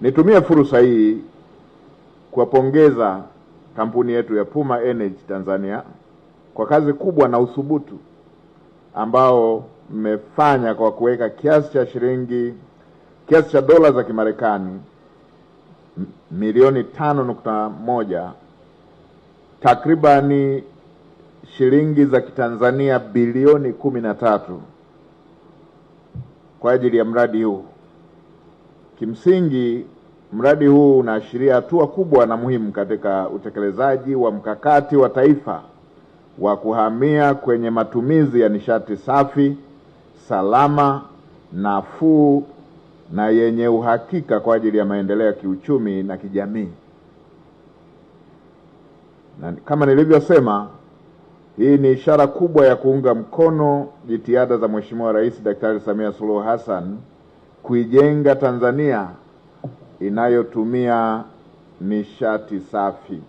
Nitumie fursa hii kuwapongeza kampuni yetu ya Puma Energy Tanzania kwa kazi kubwa na uthubutu ambao mmefanya kwa kuweka kiasi cha shilingi kiasi cha dola za Kimarekani milioni tano nukta moja takribani shilingi za Kitanzania bilioni kumi na tatu kwa ajili ya mradi huu. Kimsingi, mradi huu unaashiria hatua kubwa na muhimu katika utekelezaji wa mkakati wa taifa wa kuhamia kwenye matumizi ya nishati safi, salama, nafuu na yenye uhakika kwa ajili ya maendeleo ya kiuchumi na kijamii. Na kama nilivyosema, hii ni ishara kubwa ya kuunga mkono jitihada za Mheshimiwa Rais Daktari Samia Suluhu Hassan kuijenga Tanzania inayotumia nishati safi.